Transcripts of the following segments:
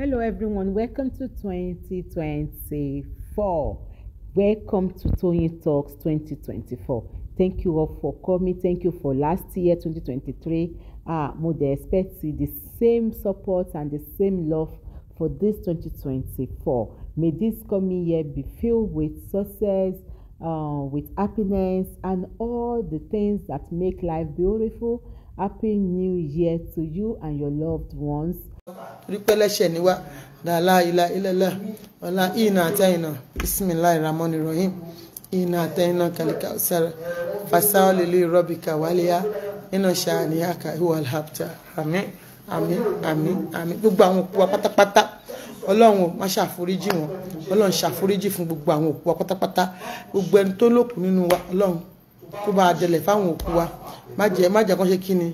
Hello everyone, welcome to 2024. Welcome to Tony Talks 2024. Thank you all for coming. Thank you for last year 2023. Ah, mo dey expect the same support and the same love for this 2024. May this coming year be filled with success, uh, with happiness and all the things that make life beautiful. Happy New Year to you and your loved ones torí pé ẹlẹ́ṣẹ̀ ni wá dàlá ilà ilẹ̀lẹ̀ ọ̀la ìnà àtẹ̀yìnà bisimilahi rahman rahim ìnà àtẹ̀yìnà kàlíkà ọ̀sára fasáwọ́ lèlè rọ́bìkà wálíyá iná ṣàníyà kà ìwà alhabta àmín àmín àmín àmín gbogbo àwọn òkú wa pátápátá ọlọ́run má ṣàforíjì wọn ọlọ́run ṣàforíjì fún gbogbo àwọn òkú wa pátápátá gbogbo ẹni tó lòkù nínú wa ọlọ́run kó bá a dẹlẹ̀ fáwọn òkú wa má jẹ́ má jẹ́ kán ṣe kí ni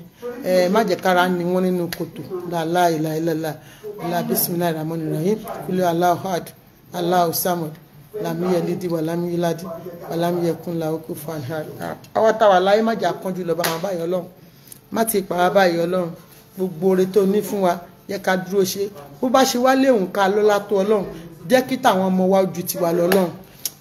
ẹ má jẹ́ kára ni wọ́n nínú kòtò làlá ìlà ìlàlá ìlà bisimilayi ramoni rahim ilé aláhu had aláhu samad làmúyẹ lídì wà ladi, ládì wà lámúyẹ kún làwọn kò fà hàn. àwọn táwa láyé má jẹ́ àkànjú lọ bá wọn báyìí ọlọ́run má ti pàrọ̀ báyìí ọlọ́run gbogbo oore tó ní fún wa yẹ ká dúró ṣe bó bá ṣe wá léwu ká lọ́lá tó ọlọ́run jẹ́ kí táwọn ọmọ wa ojú tiwa lọ́lọ́run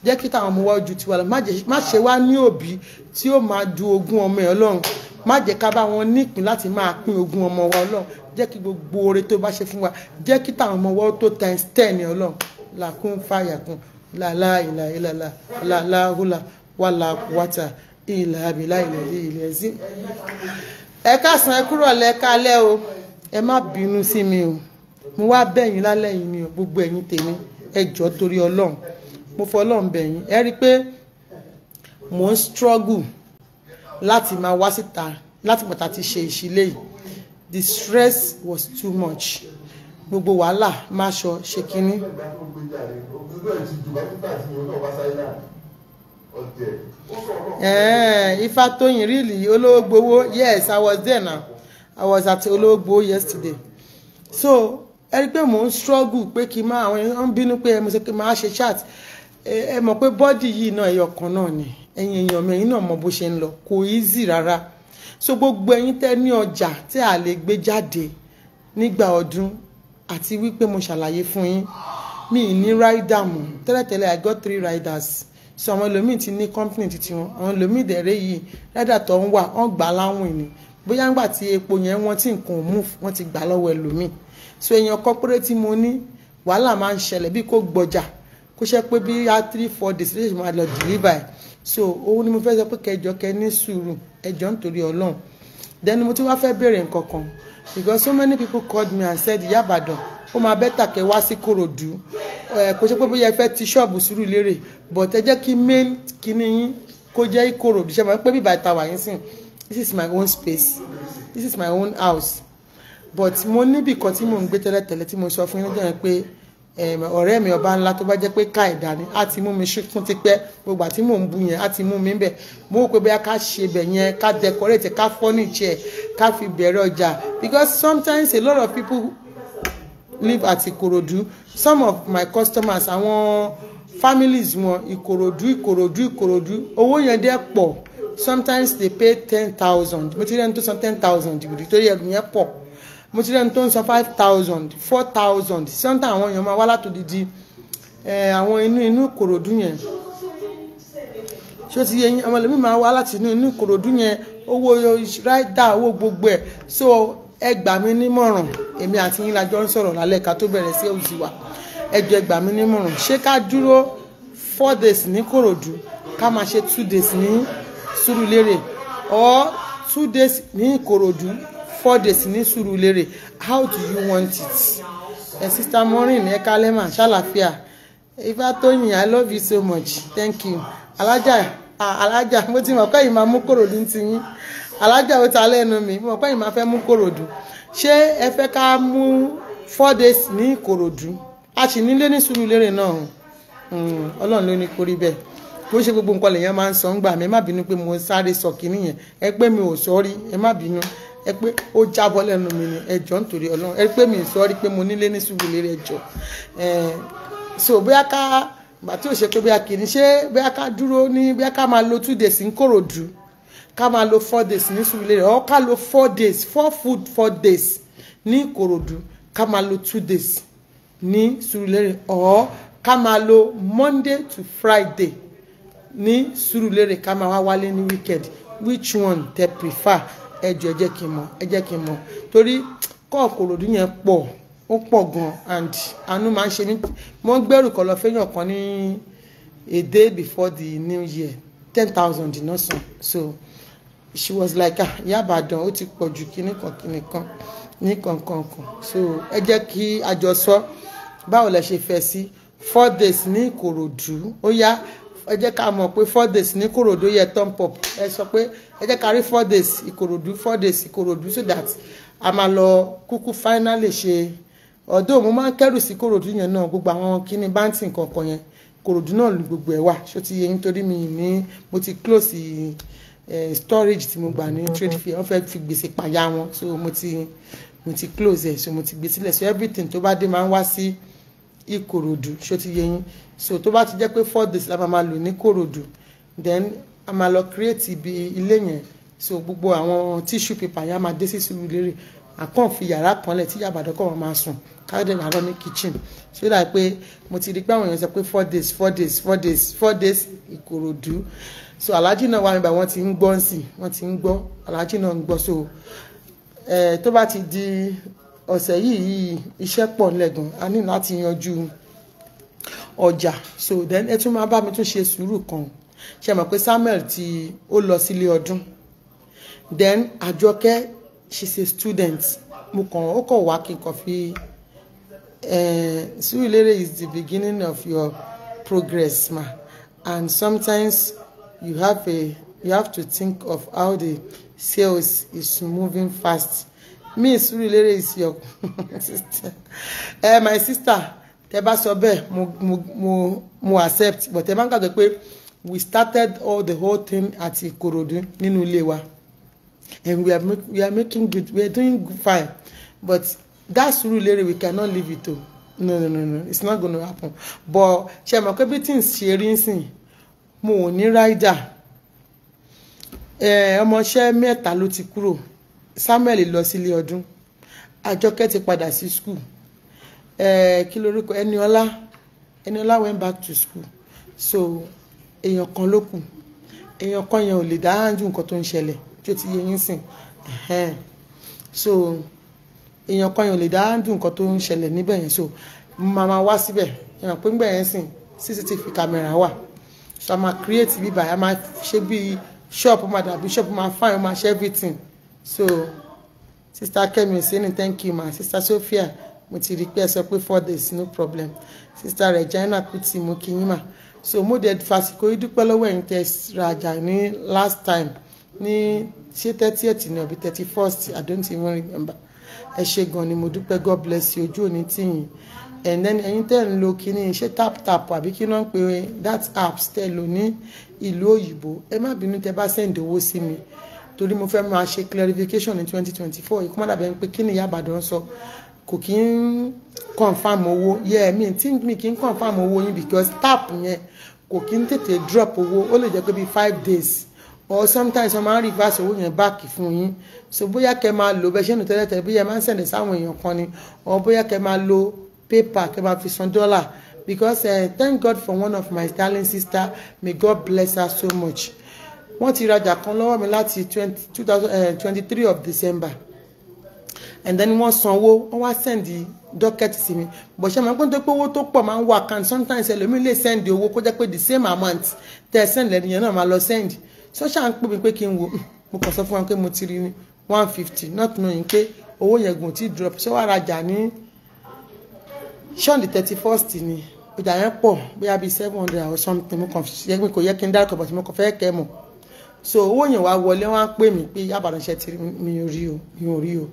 jẹ́ kí táwọn ọmọ wa ju tiwa lọ má ṣe wá ní òbí tí ó máa du ogún ọmọ ẹ̀ ọlọ́run má jẹ́ ká bá wọn nípìn láti máa pín ogún ọmọ wa ọlọ́run jẹ́ kí gbogbo oore tó bá ṣe fún wa jẹ́ kí táwọn ọmọ wa tó times ten ọlọ́run làkún fàyàkún làlá ìlà ìlàlà làlá húlà wàlà wàtà ìlà àbílà ilẹ̀ ilẹ̀ sí. ẹ káàsán ẹ kúrò lẹ́ka lẹ́ o ẹ má bínú sí mi o mo wá bẹ̀yìn lálẹ́ yìí ni o gbogbo ẹ̀yin tèmi ẹ jọ̀ọ́ torí ọlọ́run mo fọlọ́run bẹ̀ yín ẹ rí i pé mò ń struggle láti máa wá síta láti pàtà ti ṣe ìṣílẹ̀ the stress was too much gbogbo wàhálà má ṣọ ṣe kínní. Ifatoyin really Ologbowo yes I was there now I was at Ologbowo yesterday so ẹ rí i pé mò ń struggle pé kí n máa àwọn èèyàn ń bínú pé mo ṣe kí n máa ṣe chat ẹ mọ̀ pé bọ́dì yìí náà ẹyọ kan náà ni ẹ̀yin èèyàn mi ẹ̀yin náà mọ̀ bó ṣe ń lọ kò easy rárá so gbogbo ẹ̀yin tẹ́ ní ọjà tí a lè gbé jáde nígbà ọdún àti wípé mo ṣàlàyé fún yín mi ì ní ráìdà mọ́ tẹ́lẹ̀tẹ́lẹ̀ i got three riders so àwọn ẹlòmíì ti ní company titi wọn àwọn ẹlòmíì dẹ̀rẹ́ yìí ráìdà tó ń wà wọ́n gbà láwìn ni bóyá ńgbà tí epo yẹn wọ́n ti nǹkan move wọ́n ti gbà lọ́wọ́ ẹlòmíì so èèyàn corporate mo ní wàhálà máa ń ṣẹlẹ̀ bí kò gbọjà kó ṣe pé bí a three four days ló ṣe máa lọ deliver so òun ni mo fẹ́ sọ pé kẹjọ kẹ ní sùúrù ẹjọ́ nítorí ọlọ́run then mo tún wá fẹ́ béèrè nǹkan kan because so many people called me and said ìyá àbàdàn ó máa bẹ́tà kẹ wá sí korodu eh, kò ṣe pé bóyá ẹ fẹ́ ti ṣọ́ọ̀bù sùúrù lérè but ẹ jẹ́ kí main kíní yín kó jẹ́ ìkorodu ṣe máa ń pẹ́ bí bàtà wà yín sìn this is my own space this is my own house but mo níbì kan tí mò ń gbé tẹ́lẹ̀tẹ́lẹ̀ tí mo sọ fún yín lọ́jọ́ yẹn pé ọ̀rẹ́ mi ọba ńlá tó bá jẹ́ pé ká ẹ̀dá ni á ti mú mi fún ti gbogbo àti mò ń bu yẹn á ti mú mi bẹ̀ mo rò pé bóyá ká ṣe bẹ̀ yẹn ká decorate ká furniture ká fi bẹ̀rẹ̀ ọjà because sometimes a lot of people live at Ikorodu some of my customers àwọn families wọn Ikorodu Ikorodu Ikorodu owó yẹn dẹ́ pọ̀ sometimes they pay ten thousand mo ti rí tó san ten thousand ìgbìdì tó yẹ ẹ̀rù yẹn pọ̀ mo ti rẹ́ni tó ń san five thousand four thousand sẹ́ńtà àwọn èèyàn máa wá látòdìdí àwọn inú inú ìkòròdú yẹn ṣé o ti yẹ àwọn ẹlòmíì máa wá láti inú inú ìkòròdú yẹn owó ráìdà owó gbogbo ẹ̀ so ẹ gbà mí nímọ̀ràn èmi àti yín la jọ ń sọ̀rọ̀ lálẹ́ ká tó bẹ̀rẹ̀ sí òsì wa ẹ jọ ẹ gbà mí nímọ̀ràn ṣé ká dúró four days ní kòròdú ká máa ṣe two days ní Sùúrùlérè or two days ní ìkòròdú four days ní Surulere how do you want it ẹ sista Maureen ẹ kalẹ́ mà ṣàlàfíà ifá tóyìn i love you so much thank you alájà alájà mo ti mọ̀ pé yìí máa mú kòròdú ti yín alájà ó ta lẹ́nu mi mo mọ̀ pé yìí máa fẹ́ mú kòròdú ṣé ẹ fẹ́ ká mú four days ní ìkòròdú a sì nílé ní Surulere náà hmm, ọlọ́run ló ní kó rí bẹ́ẹ̀ kó ṣe gbogbo nǹkan lèèyàn máa ń sọ ń gbà mí ẹ má bínú pé mo sáré sọ kínní yẹn ẹ pé mi ò sọ rí ẹ má bínú ẹ pé ó jábọ́ lẹ́nu mi ni ẹjọ́ nítorí ọlọ́run ẹ pé mi sọ́ọ́rí pé mo nílé ní ṣùgbọ́n lérè ẹjọ́ so bóyá ká gbà tí ò ṣe pé bóyá kì í ṣe bóyá ká dúró ní bóyá ká máa lo two days ní Kòròdú ká máa lo four days ní ṣùgbọ́n lérè ọ́ ká lo four days four food four days ní Kòròdú ká máa lo two days ní Surulere ọ̀ ká máa lo Monday to Friday ní Surulere ká máa wá wálé ní weekend which one tẹ prefer ẹ jọ̀ọ́ ẹ jẹ́ kí n mọ̀ ẹ jẹ́ kí n mọ̀ torí kọ́ọ̀kòròdú yẹn pọ̀ ó pọ̀ gan and àánú máa ń ṣe ní wọ́n gbẹ́rù kan lọ fẹ́yàn kan ní a day before the new year ten thousand náà san so she was like ah yábàdàn ó ti pọ̀ ju kíní kan kíní kan ní kankan so ẹ jẹ́ kí a jọ sọ báwo lẹ ṣe fẹ́ sí four days ní Ìkòròdú ó yá ẹ jẹ́ ká mọ̀ pé four days ní Ìkòròdú yẹ turn pop ẹ sọ pé ẹ jẹ́ ká rí four days Ìkòròdú four days Ìkòròdú so that a máa lọ kúkú finally ṣe ọ̀dọ́ mo máa ń kẹ́rù sí Ìkòròdú yẹn náà gbogbo àwọn kíní báńtì kankan yẹn Ìkòròdú náà lù gbogbo ẹ̀ wà ṣó ti yẹ nítorí mi ní mo ti close storage tí mo gbà ní trade fair wọ́n fẹ́ fi gbèsè pàyà wọn so mo ti mo ti close ẹ̀ so mo ti gbé sílẹ̀ so everything tó bá dé máa ń wá sí. Si, ìkòròdú ṣó ti yẹ so tó bá ti jẹ́ pé four days la máa lò ní kòròdú then a máa lọ create ibi ilé yẹn so gbogbo àwọn tissue paper yẹn a máa dé sí sílùú lérè àkàn fi yàrá kan lẹ̀ tí yàbàdàn kọ̀ wọ́n máa sùn káyọ̀dé làárọ̀ ní kitchen so dà pé mo ti rí pé àwọn èèyàn sọ pé four days four days four days four days ìkòròdú so aláàjì náà wà nígbà wọ́n ti ń gbọ́ ń sìn wọ́n ti ń gbọ́ aláàjì náà ń gbọ́ so eh, tó bá ti di ọ̀sẹ̀ yìí iṣẹ́ pọ̀ lẹ́gùn a ní láti yanjú ọjà so then ẹ tún máa bá mi tún ṣe sùúrù kan ṣe mọ̀ pé Samuel tí ó lọ sílé ọdún then Àjọkẹ́ she's a student mo kàn ó kàn wá kí n kàn fi eh, Surulere is the beginning of your progress ma and sometimes you have a you have to think of how the sales is moving fast mi Surulere is your sister ẹ my sister tẹ bá sọ bẹ́ẹ̀ mo mo mo accept but ẹ máa ń gbàgbé we started all the whole thing at Ikorodu nínú ilé wa and we are make, we are making good we are doing fine but that Surulere we cannot leave it o no no no no it's not going to happen but ṣe mọ̀ pé bí tí n ṣe rí nsìn mo ò ní rider ọmọọṣẹ́ ti kúrò Samuel lọ sílé ọdún Àjọkẹ́ ti padà sí school kí lorúkọ Ẹniọlá Ẹniọlá went back to school so èèyàn kan ló kù èèyàn kan yẹn ò lè dáhàndù nǹkan tó ń ṣẹlẹ̀ tí ó ti yẹ yín sìn so èèyàn kan yẹn ò lè dáhàndù nǹkan tó ń ṣẹlẹ̀ níbẹ̀ yẹn so màmá wá síbẹ̀ èèyàn pé ń gbẹ̀ yẹn sìn CCTV camera wà so a máa create bíbá a máa ṣe bí shop máa dàbí shop máa fine máa ṣe everything so sister kemi ni thank you ma sister sophia mo ti rí i pé ẹ sọ pé four days no problem sister regina kuti mo kí yín mà so mo dẹ̀ fàsìkò yìí dúpẹ́ lọ́wọ́ ẹ̀yin tẹ́ rajà ní last time ní ṣé thirtieth ni àbí thirty first i don't even remember ẹ ṣe gan ni mo dúpẹ́ god bless you ojú òní tìyìn and then ẹ̀yin tẹ́ ń lo kíní ṣé tap tap àbí kí ló ń pe that app tẹ́ lò ní ìlú òyìnbó ẹ má bínú tẹ́ bá send owó sí mi torí mo fẹ́ máa ṣe clarification ní twenty twenty four ìkúmọ̀dà bẹ́ẹ̀ ń pé kí ni Ìyá Ìbàdàn sọ kò kí ń confam owó yẹ mi tí mi kì í confam owó yín because tap yẹn kò kí ń tètè drop owó ó lè jẹ́ pé bíi five days or sometimes wọ́n máa ń reverse owó yẹn back fún yín so bóyá kẹ́ máa lo bẹ́ẹ̀ ṣe nù tẹ́lẹ̀ tẹ́lẹ̀ bóyá máa ń sẹ̀dẹ̀ sáwọn èèyàn kan ni or bóyá kẹ́ máa lo paper kẹ́ máa fi san dollar because uh, thank God for one of my darling sister may God bless her so much wọ́n ti rajà kan lọ́wọ́ mi láti twenty eh, three of December and then wọ́n sanwó wọ́n wá sẹ́ndì dọ́kẹ́tì sí mi bọ̀ ṣe máa ń pẹ́ pé owó tó pọ̀ máa ń wà kan sometimes ẹlòmíì lè sẹ́ndì owó kó jẹ́ pé the same amount tẹ́ ẹ sẹ́ndì lẹ́nu yẹn náà máa lọ sẹ́ndì so ṣáà ń pè mí pé kí n wò hmm, mo kàn sọ fún wọn pé mo ti rí one fifty not knowing pé owó yẹn gùn tí drop ṣé wàá rajà ní ṣọ́ọ̀nì thirty first ni ọjà yẹn pọ̀ bóyá bíi seven hundred or something mo kàn yẹ kó yẹ kí n dárúkọ bọ̀ tí mo kàn fẹ́ kẹ́ mọ̀ so owó yẹn wá wọlé wọn á pè mí pé yábàdànṣẹ́ ti mi ò rí o mi ò rí o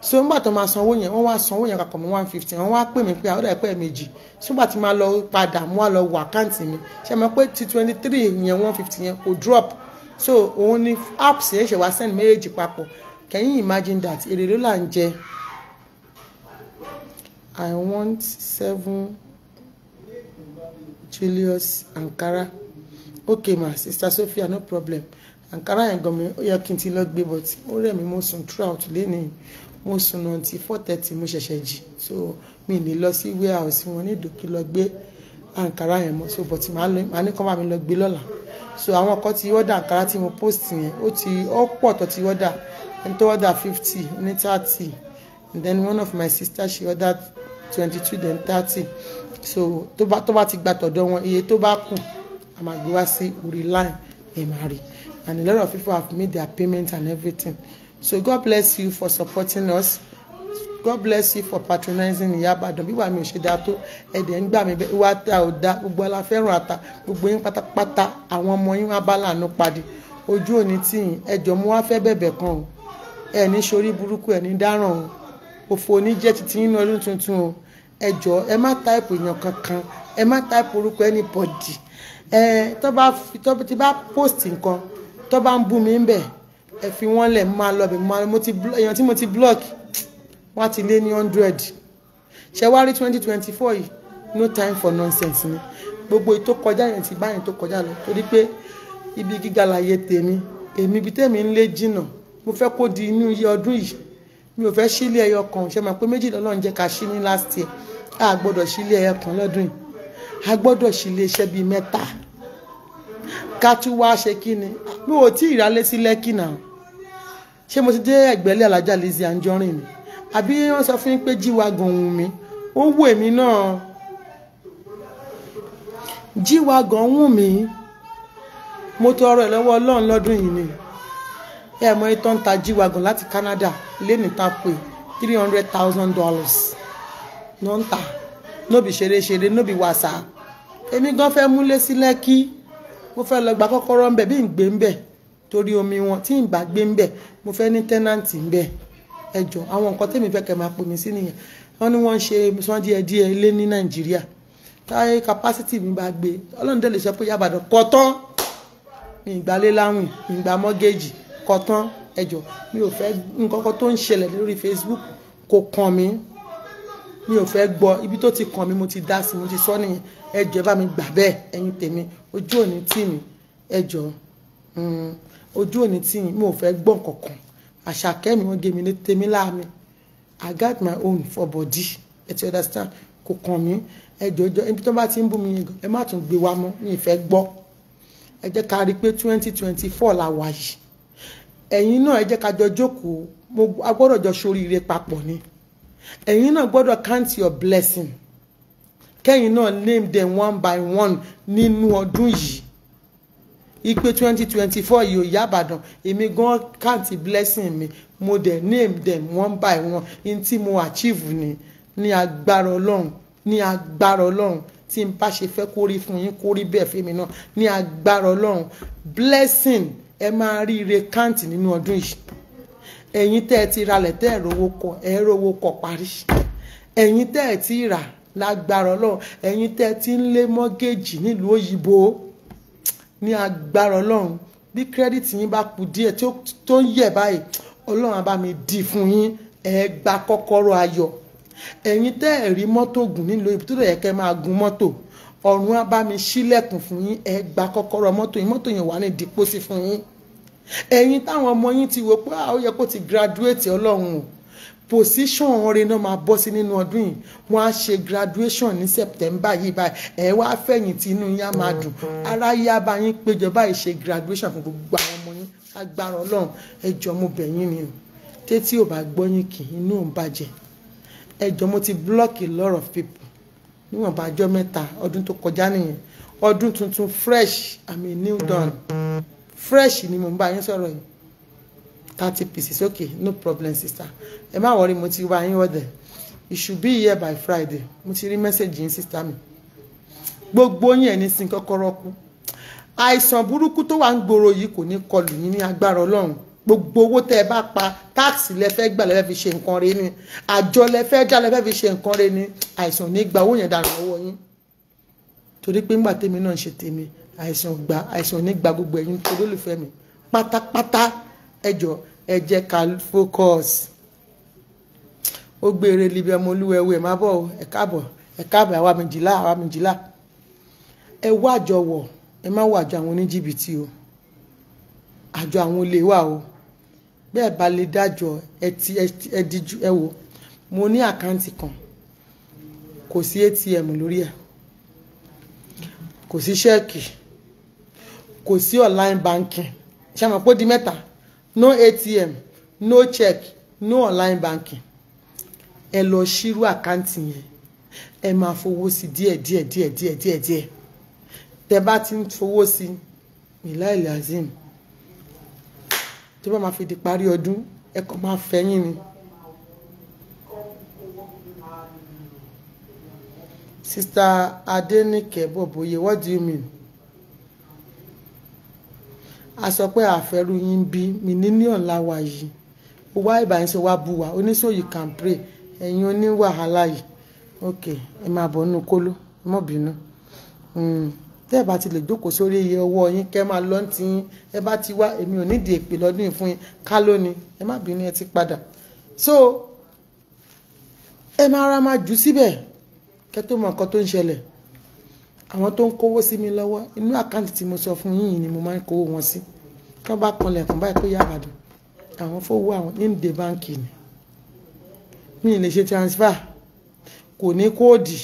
so nígbà tó máa san owó yẹn wọ́n wá san owó yẹn kakọ̀ mọ́ one fifty wọ́n wá pè mí pé àwọn ẹ̀pẹ́ méjì nígbà tí máa lọ padà mú wa lọ wọ àkáǹtì mi ṣe mọ̀ pé ti twenty three yẹn one fifty yẹn kò drop so òun ni apps yẹn ṣe wá send méjèèjì papọ̀ can you imagine that èrè ló là ń jẹ i want seven julius ankara okay ma sister Sophia no problem Ankara yẹn gan mi ó yẹ kí n ti lọ gbé but ó rẹ̀ mí mo sùn throughout lénìí mo sùn náà ti four thirty mo ṣẹ̀ṣẹ̀ jì so mi ní lọ sí warehouse wọn ní ìdòkí lọ gbé Ankara yẹn mọ́ so but màá ní kán bá mi lọ gbé lọ́la so àwọn kan ti order Ankara tí mo post yẹn ó ti ó pọ̀ tó ti order ẹni tó order fifty ní thirty and then one of my sister she ordered twenty two then thirty so tó bá tó bá ti gba tọ̀dọ̀ wọn iye tó bá kù a máa gbé wá sí orí line ẹ and a lot of people have made their payment and everything so God bless you for supporting us God bless you for patronizing Yaba. ìyá àbàdàn bí wàá mi ò ṣe dáa tó ẹ̀dẹ̀ ń gbà mí bẹ́ẹ̀ wá ta ò da gbogbo aláfẹ́ràn ata gbogbo yín pátápátá àwọn ọmọ yín wá bá lànà do ojú òní tìyìn ẹjọ́ mo wá fẹ́ bẹ̀bẹ̀ kan o ẹni sori burúkú ẹni dáràn o òfò oníjẹ́ titi nínú ọdún tuntun o ẹjọ́ ẹ má táìpù èèyàn kankan ẹ má táìpù orúkọ ẹni bọ̀dì ẹ tó bá tó ti bá post nǹkan tó bá ń bú mi ń bẹ̀ ẹ fi wọ́n lẹ̀ máa lọ bẹ̀ máa lọ mo ti èèyàn tí mo ti block wọ́n ti lé ní hundred ṣe wá twenty twenty four yìí no time for nonsense ni gbogbo ètò kọjá yẹn ti báyìí tó kọjá lọ torí pé ibi gíga láyé tèmi èmi ibi tèmi ń lé jìnnà mo fẹ́ kó di inú iye ọdún yìí mi ò fẹ́ sílé ẹyọ kan ṣe máa pé méjì lọ́lọ́run jẹ́ ká sí ní last year a gbọ́dọ̀ sílé ẹyọ kan lọ́dún yìí a gbọ́dọ̀ ṣí iléeṣẹ́ bíi mẹ́ta ká tún wá ṣe kí ni mi ò tí ì rálé sí lẹ́kì náà ṣé mo ti dé ẹ̀gbẹ́lẹ̀ alájà Lizzy Anjorin ni àbí wọ́n sọ fún yín pé jíwa gan-an mi ó wù èmi náà jíwa gan-an wù mí mo tọrọ ẹ̀ lọ́wọ́ Ọlọ́run yìí ni ẹ mọ ìtàn ta jíwa gan láti Canada lẹ́nu tá a pè three hundred thousand dollars ló ń ta no be ṣeréṣeré no be wàsà èmi gan fẹ́ múlé sí lẹ́kí mo fẹ́ lọ gba kọ́kọ́rọ́ ń bẹ̀ bí n gbé ń bẹ̀ torí omi wọn tí n bá gbé ń bẹ̀ mo fẹ́ ní tẹ́nàntì ń bẹ̀ ẹ jọ àwọn nǹkan tèmi fẹ́ kẹ́ máa pè mí sí nìyẹn wọ́n ní wọ́n ń ṣe sán díẹ̀ díẹ̀ ilé ní nàìjíríà táyé capacity mi bá gbé ọlọ́run dẹ̀ lè sọ pé yàbàdàn kọ́tán mi ìgbà lé láwìn mi ìgbà mọ́gẹ́jì kọ́tán ẹ jọ mi ò fẹ́ nǹkan kan tó ń ṣẹlẹ̀ lórí Facebook kò kàn mí mi ò fẹ́ gbọ́ ibi tó ti kàn mí mo ti dá sí mo ti sọ nìyẹn ẹ jọ̀ọ́ ẹ bá mi gbà bẹ́ẹ̀ ẹ̀yin tèmi ojú òní tì mí ẹ jọ̀ọ́ hmm. ojú òní tì mí mi ò fẹ́ gbọ́ kankan àṣàkẹ́ mi wọ́n gé mi ní tèmi láàmì I got my own for body ẹ ti understand kò kàn mí ẹ jọ̀ọ́ ẹ jọ̀ọ́ ibi tó bá ti ń bú mi ẹ má tún gbé wa mọ́ mi ì fẹ́ gbọ́ ẹ jẹ́ ká rí i pé twenty twenty four la wà yìí ẹ̀yin náà ẹ jẹ́ ká jọ jókòó mo agbọ́dọ̀ jọ ṣoríire papọ̀ ni ẹ̀yin náà gbọ́dọ̀ count your blessing kẹ́yìn náà name them one by one nínú ọdún yìí ipe twenty twenty four yìí ò yá àbàdàn èmi gan count blessing mi mo dẹ̀ name them one by one in tí mo achieve ni ní agbára ọlọ́run ní agbára ọlọ́run tí n bá ṣe fẹ́ kó rí fún yín kó rí bẹ́ẹ̀ fún mi náà ní agbára ọlọ́run blessing ẹ máa rí ire count nínú ọdún yìí ẹ̀yin tẹ́ ẹ ti ralẹ̀ tẹ́ ẹ rówó kọ ẹ rówó kọ parí ẹ̀yin tẹ́ ẹ ti rà lágbára ọlọ́run ẹ̀yin tẹ́ ẹ ti ń lé mọ́gẹ́jì nílùú òyìnbó ní agbára ọlọ́run bí kírẹ́dìtì yín bá kù díẹ̀ tó ń yẹ̀ báyìí ọlọ́run á mi dì fún yín ẹ gba kọ́kọ́rọ́ ayọ̀ ẹ̀yin tẹ́ ẹ rí mọ́tò gùn nílùú òyìnbó tó lè yẹ kẹ́ máa gun mọ́tò ọ̀run á mi ṣílẹ̀kùn fún yín ẹ gba kọ́kọ́rọ́ mọ́tò yín mọ́tò yẹn wà ní dípòsí fún yín ẹ̀yin táwọn ọmọ yín ti wò pé ah, ó yẹ kó ti graduate ọlọ́run o position ọ̀rẹ́ náà máa bọ́ sí nínú ọdún yìí wọ́n á ṣe graduation ní September yìí báyìí ẹ̀ wá fẹ̀yìntì inú yín á máa dùn ara yá bá yín péjọ báyìí ṣe graduation fún gbogbo àwọn ọmọ yín agbára ọlọ́run ẹjọ́ mo bẹ̀ yín ni o tétí ò bá gbọ́ yín kì inú ò ń bàjẹ́ ẹjọ́ mo ti block a lot of people níwọ̀n bá ọjọ́ mẹ́ta ọdún tó kọjá nìyẹn ọdún tuntun fresh àmì new dawn. Mm -hmm fresh ni mo ń bá yín sọ̀rọ̀ yìí thirty pieces okay no problem sister ẹ má wọrí mo ti wá yín wọ́dẹ̀ it should be here by friday mo ti rí mẹ́sẹ̀gì yín sister mi gbogbo yín ẹ̀ ní sin kọ́kọ́rọ́ kú àìsàn burúkú tó wà ń gbòòrò yìí kò ní kọlù yín ní agbára ọlọ́run gbogbo owó tẹ́ ẹ bá pa táàsì lẹ́fẹ́ gbà lẹ́fẹ́ fi ṣe nǹkan rẹ ni àjọ lẹ́fẹ́ já lẹ́fẹ́ fi ṣe nǹkan rẹ ni àìsàn ní gba owó yẹn dànù lọ́wọ́ yín torí pé ńgbà tèmi náà ń ṣe tèmi àìsàn gba àìsàn nígbà gbogbo ẹ̀yin olólùfẹ́ mi pátápátá ẹjọ ẹ jẹ́ ká focus ó gbére libi ọmọ olúwẹwẹ má bọ̀ ẹ káàbọ̀ ẹ káàbọ̀ àwa méjìlá àwa méjìlá ẹ wá àjọwọ ẹ má wàjọ àwọn oníjìbìtì o àjọ àwọn olè wà o bẹ́ẹ̀ bá lè dájọ́ ẹ ti ẹ dijú ẹ wò mo ní àkáǹtì kan kò sí atm lórí ẹ̀ kò sí ṣẹ́ẹ̀kì kò sí online banking ṣe mọ̀ pé di mẹ́ta no atm no check no online banking ẹ lọ ṣírú àkáǹtì yẹn ẹ máa fowó sí díẹ̀ díẹ̀ díẹ̀ díẹ̀ díẹ̀ díẹ̀ tẹ bá ti ń fowó sí ìláìlì azim tó bá máa fi di parí ọdún ẹ kàn máa fẹ̀yìn ni. Sister Adenike Boboye, what do you mean? a sọ pé àfẹ́rù yín bí mílíọ̀nù la wà yìí ó wá ìbànújẹ́ wá bu wa oníṣòyí can pray ẹ̀yin oní wàhálà yìí ok ẹ máa bọ̀ nínú kóló ẹ má bínú hmm, tẹ́ ẹ bá ti lè jókòó sórí iye ọwọ́ yín kẹ́ máa lọ́n ti yín ẹ bá ti wá èmi ò nídìí èpè lọ́dún yìí fún yín ká lónìí ẹ má bínú ẹ ti padà so ẹ máa ra máa jù síbẹ̀ kẹ́ tó mọ nǹkan tó ń ṣẹlẹ̀ àwọn tó ń kówó sí mi lọ́wọ́ inú àkáǹtì tí mo sọ fún yín ni mo máa ń kówó wọn sí kí wọ́n bá kanlẹ̀kùn báyìí tó yá àbàdàn àwọn fowó àwọn ní ìdè báǹkì ni mi ì lè ṣe transfer kò ní kóòdì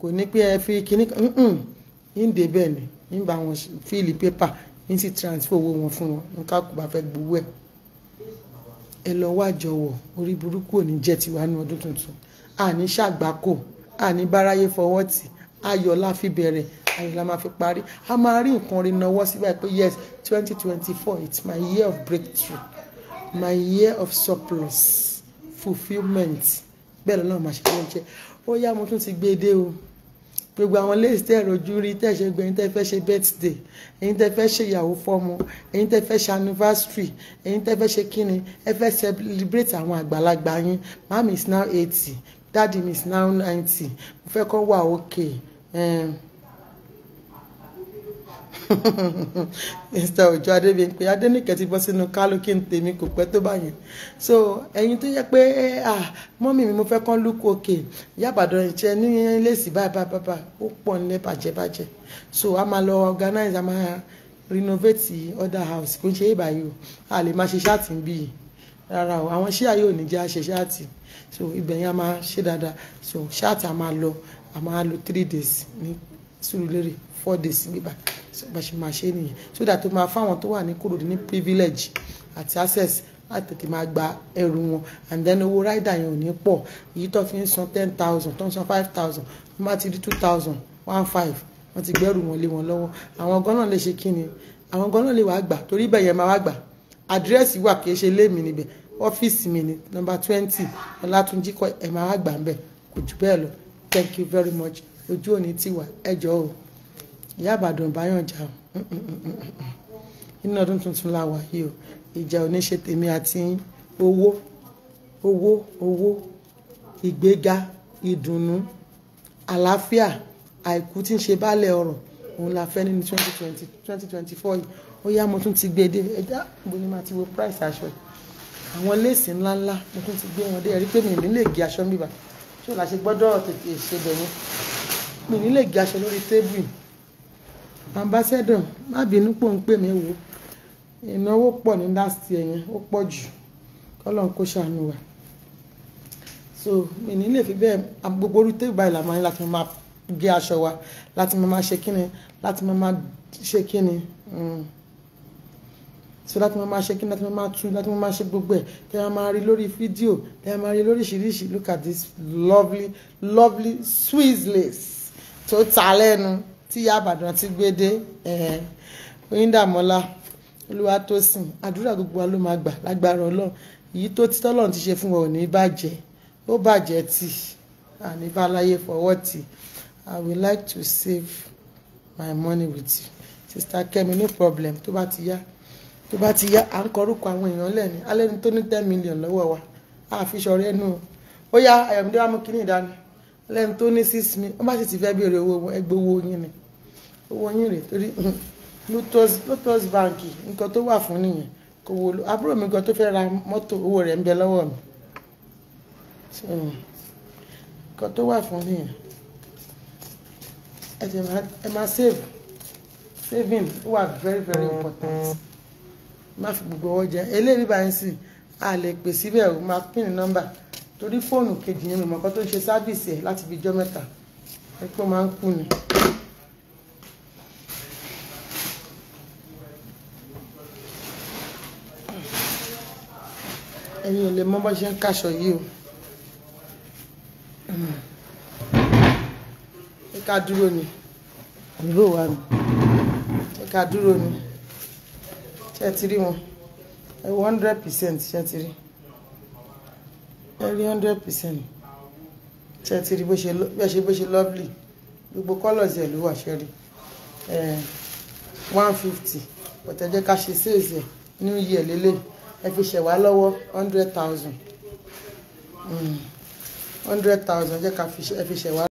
kò ní pé ẹ fi kíní ní ìdè bẹ́ẹ̀ ni ní bá wọn fíìlì pépà ní sì transfer owó wọn fún wọn nǹkan kò bá fẹ́ gbowó ẹ̀ ẹ lọ wá jọ̀wọ́ orí burúkú ò ní jẹ́ tiwa ní ọdún tuntun àní ṣàgbákò àní báráyé fọwọ́ tì í ayọ̀ la fi bẹ̀rẹ̀ ayọ̀ la máa fi parí a máa rí nǹkan rí nawọ́ síbà pé yes twenty twenty four it's my year of breakthrough my year of surplus fulfilment bẹ́ẹ̀ lọ́nà máa ṣe lóúnjẹ ó yá mo tún ti gbé e dé o gbogbo àwọn léèsì tẹ́ rojú rí tẹ́ ṣe gbẹ ẹ̀yin tẹ́ fẹ́ ṣe birthday ẹ̀yin tẹ́ fẹ́ ṣe ìyàwó fọ́mọ ẹ̀yin tẹ́ fẹ́ ṣe anniversary ẹ̀yin tẹ́ fẹ́ ṣe kíni ẹ fẹ́ celebrate àwọn àgbàlagbà yín mami is now eighty daddy mi is now ninety mo fẹ́ kó wà okay mr ojo adébíyẹnpẹ adẹnìkẹ ti bọ́ sínú kálukí tèmi kò pẹ́ tó báyẹn so ẹ̀yin tó yẹ pé ah mọ́mì mi mo fẹ́ kán lúkú òkè yàbàdàn ìṣe ní lẹ́sì bábàbàbà ó pọ̀ ní bàjẹ́bàjẹ́ so a máa lọ organize a máa renovate other house kò ń ṣe ìbàyò a lè máa ṣe ṣáàtì bí rárá o àwọn ṣíà yóò ní jẹ́ àṣẹ ṣáàtì so ibẹ̀ a máa ṣe dáadáa so ṣáàtì a máa lọ a máa lo three days ní Sùúrùlérè four days níbà bá ṣe máa ṣe nìyẹn so that ó máa fáwọn tó wà ní Ìkòròdú ní privilege àti access láti tètè máa gba ẹrù wọn and then owó rider yẹn ò ní pọ̀ èyí tó fi ń san ten thousand tó ń san five thousand wọ́n bá ti rí two thousand one five wọ́n ti gbẹ́rù wọn lé wọn lọ́wọ́ àwọn gan náà lè ṣe kí ni àwọn gan náà lè wá gbà torí ibẹ̀ yẹn máa wá gbà àdírẹ́sì wà kì í ṣe lé mi níbẹ̀ ọ́fíìsì mi ni nọ́mbà twenty Ọlátúnjí kọ́ ẹ̀ máa wá gbà ń bẹ̀ kò jù bẹ́ẹ̀ lọ thank you very much ojú òní ti wà ẹjọ́ o ìyá àbàdàn ìbáyànjà o inú ọdún tuntun la wà yìí o ìjà oníṣe tèmi àti owó owó owó ìgbéga ìdùnnú àlàáfíà àìkú tí ń ṣe bálẹ̀ ọ̀rọ̀ òun la fẹ́ nínú twenty twenty twenty twenty four yìí ó yá mo tún ti gbé dé ẹja mo ní máa ti wo price aṣọ yìí àwọn léèsì ńláńlá mo tún ti gbé wọn dé ẹ rí pé mi ò ní lè gé aṣọ mi bàtà tí ò láṣẹ gbọ́dọ̀ tètè ṣebẹ̀ yẹn mi ní lè gé aṣọ lórí tébù yìí ambassador má bínú pò ń pè mí wò ìnáwó pọ̀ ní last year yẹn ó pọ̀ jù kọ́lọ́n kó ṣàánú wa so mi ní lè fi bẹ́ẹ̀ gbogbo orí tébù báyìí làwọn ayé láti máa gé aṣọ wa láti máa ṣe kíni láti máa ṣe kíni. Mm so láti máa máa ṣe kí láti máa máa tú láti máa máa ṣe gbogbo ẹ̀ tẹ́ máa máa rí lórí fídíò tẹ́ máa máa rí lóríṣiríṣi look at this lovely lovely swiss lace tó ta lẹ́nu tí ìyá àbàdàn ti gbé dé eh, oyindamọ́lá olúwatósìn àdúrà gbogbo wa ló máa gbà lágbára ọlọ́run èyí tó ti tọ́lọ́run ti ṣe fún wa ò ní bàjẹ́ ó bàjẹ́ tì àní bá láyé fọwọ́ tì i would like to save my money with you sister Kemi no problem tó bá ti yá tó bá ti yá à ń kọrúkọ àwọn èèyàn lẹ́ni alẹ́ni tó ní ten million lọ́wọ́ wa àfi sọ̀rọ̀ ẹnu ó yá Ayọ̀mídé wa mú kínní ìdání alẹ́ni tó ní six million wọ́n bá sì ti fẹ́ béèrè owó wọn ẹgbẹ́ owó yín ni owó yín torí Lotus Bank nǹkan tó wà fún nìyẹn kò wò ló àbúrò mi gan tó fẹ́ ra mọ́tò owó rẹ̀ ń bẹ lọ́wọ́ mi wà fún nìyẹn máa save saving wà important. má fi gbogbo ọwọ́ jẹ eléyìí bá ń sìn a lè pè síbẹ̀ o máa pín ní nọ́mbà torí fóònù kejì yẹn mọ̀mọ́ kan tó ń ṣe sábìsì ẹ̀ láti fi jọ́ mẹ́ta ẹ pé ó máa ń kú ni. ẹ̀yin ò lè mọ bó ṣe ń kaṣọ yìí o ẹ ká dúró ni ẹ ká dúró ni ṣe ti rí wọn one hundred percent ṣe ti hundred percent ṣe ti rí bó ṣe bó ṣe lovely gbogbo colours ẹ̀ ló wà ṣe rí one fifty ọ̀tẹ̀jẹ́ ká ṣe sales ẹ̀ new year lélẹ̀ ẹ fi ṣẹ̀ wá lọ́wọ́ hundred thousand hmm. hundred thousand jẹ́ ká ẹ fi ṣẹ̀ wá.